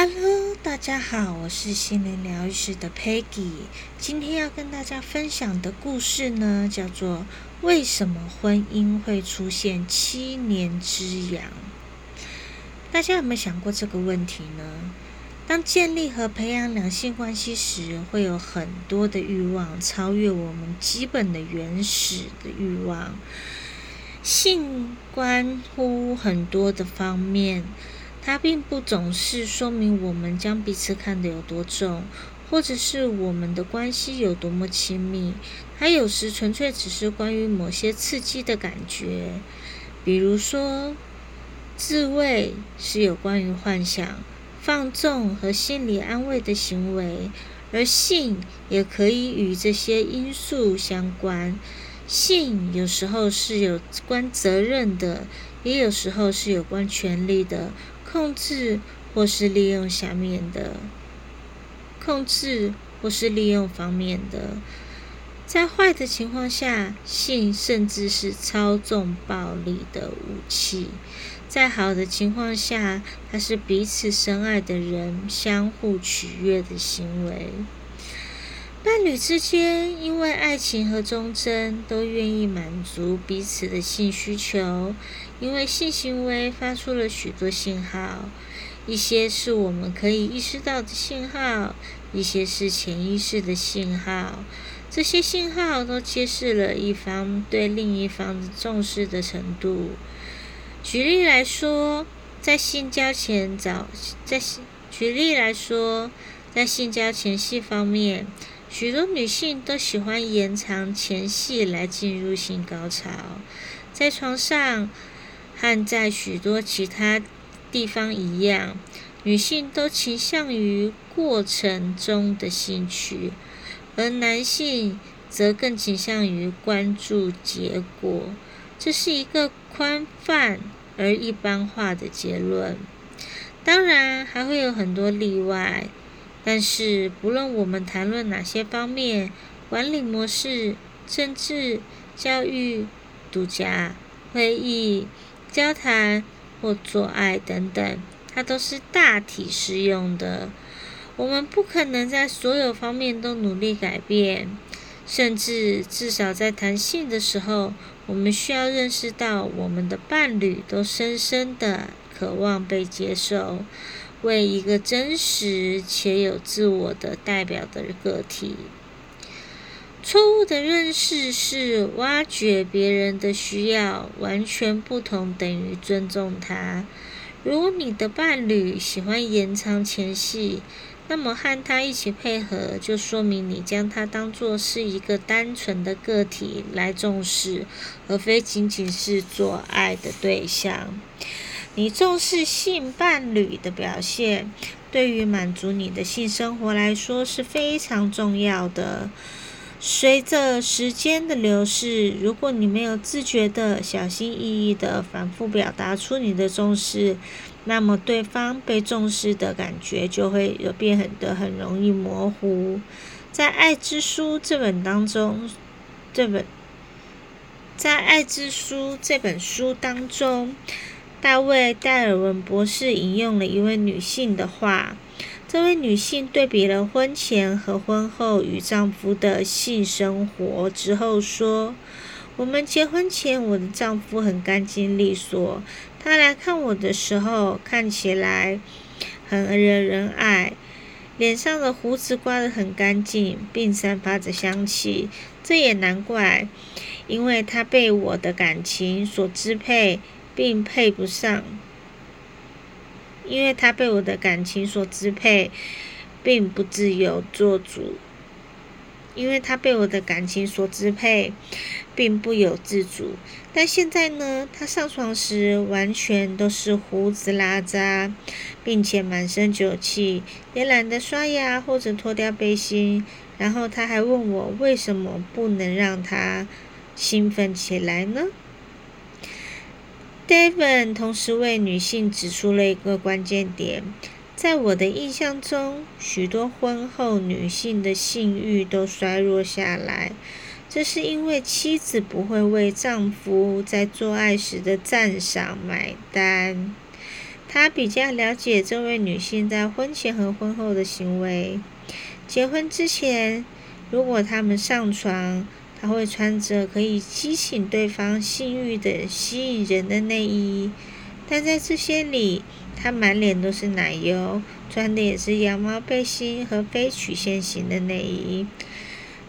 Hello，大家好，我是心靈療癒師的 Peggy。今天要跟大家分享的故事呢，叫做“為什麼婚姻會出現七年之癢”。大家有沒有想過這個問題呢？當建立和培養兩性關係時，會有很多的慾望超越我們基本的原始的慾望。性關乎很多的方面。它並不總是說明我們將彼此看得有多重，或者是我們的關係有多麼親密。它有時純粹只是關於某些刺激的感覺，比如說，自慰是有關於幻想、放縱和心理安慰的行為，而性也可以與這些因素相關。性有時候是有關責任的，也有時候是有關權利的。控制或是利用下面的，控制或是利用方面的，在壞的情況下，性甚至是操縱暴力的武器。在好的情況下，它是彼此深愛的人相互取悅的行為。伴侶之間，因為愛情和忠貞，都願意滿足彼此的性需求。因為性行為發出了許多信號，一些是我們可以意識到的信號，一些是潛意識的信號。這些信號都揭示了一方對另一方的重視的程度。舉例來說，在性交前早，在性舉例來說，在性交前戲方面。許多女性都喜歡延長前戲來進入性高潮，在床上和在許多其他地方一樣，女性都傾向於過程中的興趣，而男性則更傾向於關注結果。這是一個寬泛而一般化的結論，當然還會有很多例外。但是，不論我們談論哪些方面，管理模式、政治、教育、度假、會議、交談或做愛等等，它都是大體適用的。我們不可能在所有方面都努力改變，甚至至少在談性的時候，我們需要認識到我們的伴侶都深深的渴望被接受。為一個真實且有自我的代表的個體，錯誤的認識是挖掘別人的需要完全不同等於尊重他。如果你的伴侶喜歡延長前戲，那麼和他一起配合，就說明你將他當作是一個單純的個體來重視，而非僅僅是做愛的對象。你重視性伴侶的表現，對於滿足你的性生活來說是非常重要的。隨着時間的流逝，如果你沒有自覺地、小心翼翼地反覆表達出你的重視，那麼對方被重視的感覺就會有變，很的很容易模糊。在《愛之書》這本當中，這本在《愛之書》這本書當中。大衛·戴爾文博士引用了一位女性的話。這位女性對比了婚前和婚後與丈夫的性生活之後說：“我們結婚前，我的丈夫很乾淨利索。他來看我的時候，看起來很惹人愛，臉上的鬍子刮得很乾淨，並散發着香氣。這也難怪，因為他被我的感情所支配。”並配不上，因為他被我的感情所支配，並不自由做主。因為他被我的感情所支配，並不由自主。但現在呢，他上床時完全都是鬍子拉碴，並且滿身酒氣，也懶得刷牙或者脫掉背心。然後他還問我為什麼不能讓他興奮起來呢？Devin 同時為女性指出了一個關鍵點：在我的印象中，許多婚後女性的性慾都衰弱下來，這是因為妻子不會為丈夫在做愛時的讚賞買單。他比較了解這位女性在婚前和婚後的行為。結婚之前，如果他們上床，他會穿着可以激起對方性慾的吸引人的內衣，但在這些裡，他滿臉都是奶油，穿的也是羊毛背心和非曲線型的內衣。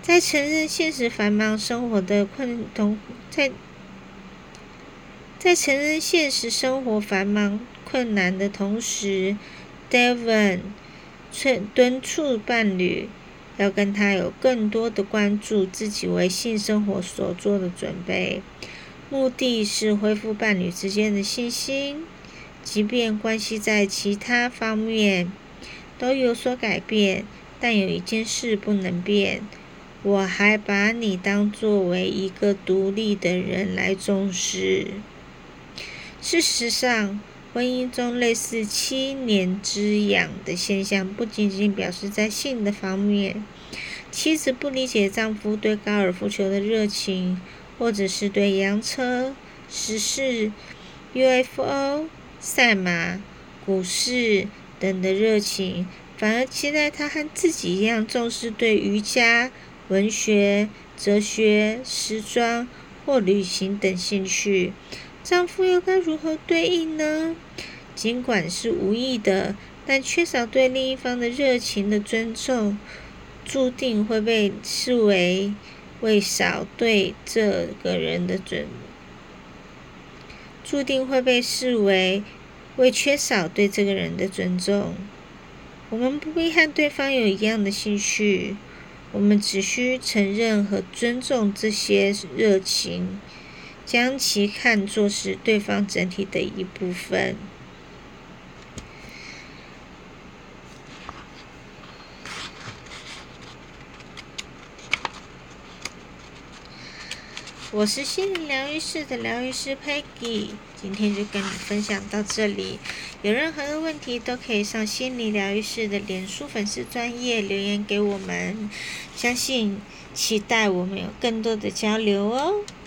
在承認現實繁忙生活的困同在，在承認現實生活繁忙困難的同時，Devon 敦促伴侶。要跟他有更多的關注，自己為性生活所做的準備，目的是恢復伴侶之間的信心。即便關係在其他方面都有所改變，但有一件事不能變，我還把你當作為一個獨立的人來重視。事實上。婚姻中類似七年之癢的現象，不僅僅表示在性的方面，妻子不理解丈夫對高爾夫球的熱情，或者是對洋車、時事、UFO、賽馬、股市等的熱情，反而期待他和自己一樣重視對瑜伽、文學、哲學、時裝或旅行等興趣。丈夫又該如何對應呢？儘管是無意的，但缺少對另一方的熱情的尊重，注定會被視為爲少對這個人的尊，注定會被視爲爲缺少對這個人的尊重。我們不必和對方有一樣的興趣，我們只需承認和尊重這些熱情。將其看作是對方整體的一部分。我是心理療癒室的療癒師 Peggy，今天就跟你分享到這裡。有任何的問題都可以上心理療癒室的臉書粉絲專頁留言給我們，相信期待我們有更多的交流哦。